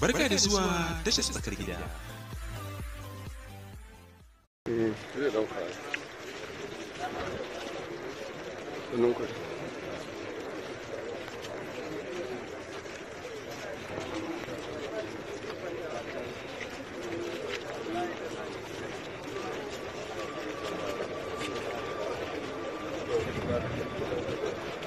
barka da zuwa tashar tsakar gida Thank you.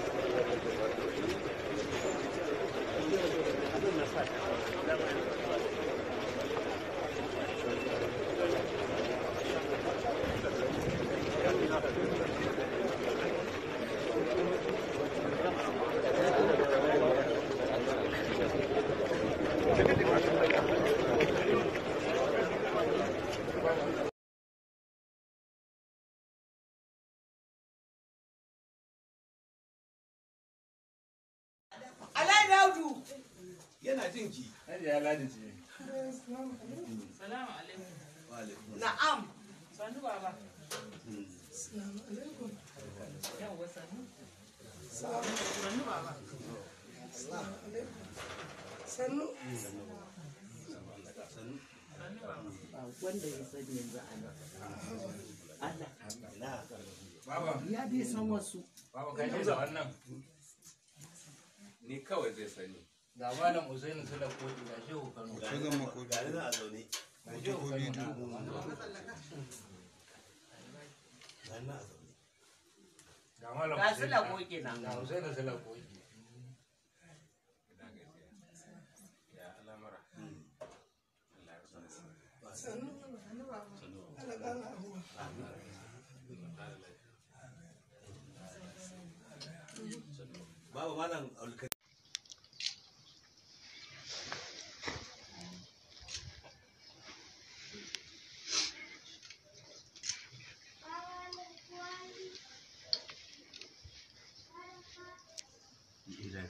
Aláìláwùdù. yana jin ki ya ladi ji salamu alaikum alaikum na'am sanu baba salamu alaikum yawa sanu sanu baba sanu sanu wanda ya sani yanzu ana Allah baba ya dai san wasu baba kai da wannan ni kawai zai sani ga malam usaini sula kodi ga shehu kano ga shehu kano ga ni a zaune ga shehu kano ga ni a ga malam usaini sula kodi nan ga usaini sula kodi Babu malam alkali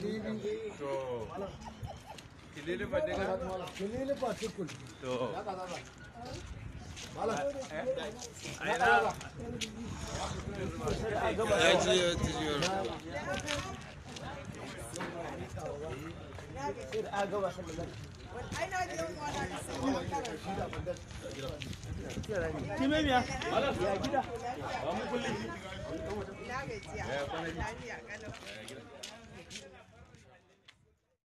to kilili ba daga kilili ba tukul to Kimemiya? Ya gida. Ya mu kulli. Ya gajiya. Ya gida.